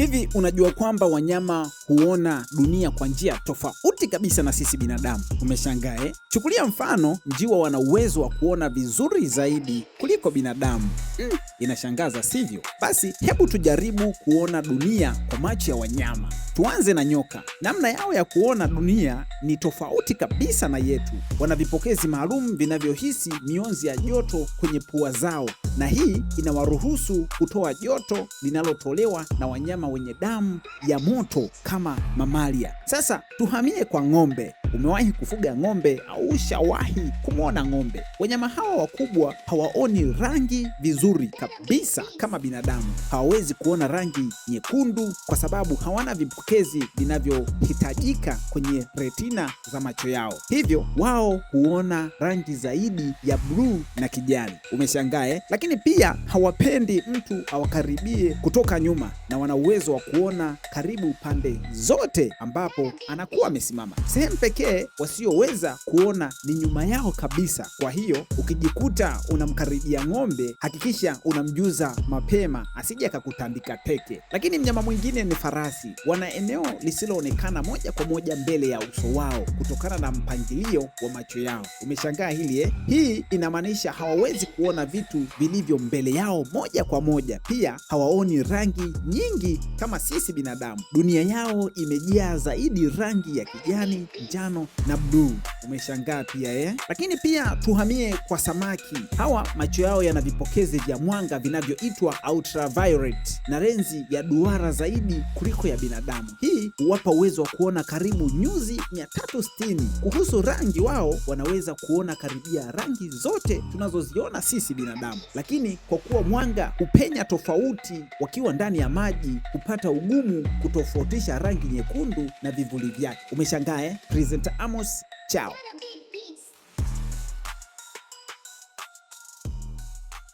Hivi unajua kwamba wanyama huona dunia kwa njia tofauti kabisa na sisi binadamu? Umeshangaa eh? Chukulia mfano, njiwa wana uwezo wa kuona vizuri zaidi kuliko binadamu. Mm, inashangaza sivyo? Basi hebu tujaribu kuona dunia kwa macho ya wanyama. Tuanze na nyoka. Namna yao ya kuona dunia ni tofauti kabisa na yetu. Wana vipokezi maalum vinavyohisi mionzi ya joto kwenye pua zao na hii inawaruhusu kutoa joto linalotolewa na wanyama wenye damu ya moto kama mamalia. Sasa tuhamie kwa ng'ombe. Umewahi kufuga ng'ombe au ushawahi kumwona ng'ombe? Wanyama hawa wakubwa hawaoni rangi vizuri kabisa kama binadamu. Hawawezi kuona rangi nyekundu kwa sababu hawana vipokezi vinavyohitajika kwenye retina za macho yao, hivyo wao huona rangi zaidi ya bluu na kijani. Umeshangaa eh? Lakini pia hawapendi mtu awakaribie kutoka nyuma, na wana uwezo wa kuona karibu pande zote ambapo anakuwa amesimama. Sehemu pekee pekee wasioweza kuona ni nyuma yao kabisa. Kwa hiyo ukijikuta unamkaribia ng'ombe, hakikisha unamjuza mapema asije akakutandika teke. Lakini mnyama mwingine ni farasi. Wana eneo lisiloonekana moja kwa moja mbele ya uso wao kutokana na mpangilio wa macho yao. Umeshangaa hili eh? Hii inamaanisha hawawezi kuona vitu vilivyo mbele yao moja kwa moja. Pia hawaoni rangi nyingi kama sisi binadamu. Dunia yao imejaa zaidi rangi ya kijani, njano njano na bluu. Umeshangaa pia eh? Lakini pia tuhamie kwa samaki. Hawa macho yao yana vipokezi vya mwanga vinavyoitwa ultraviolet na lenzi ya duara zaidi kuliko ya binadamu. Hii huwapa uwezo wa kuona karibu nyuzi 360. Kuhusu rangi, wao wanaweza kuona karibia rangi zote tunazoziona sisi binadamu, lakini kwa kuwa mwanga hupenya tofauti, wakiwa ndani ya maji hupata ugumu kutofautisha rangi nyekundu na vivuli vyake. Umeshangaa eh? to Amos. Ciao.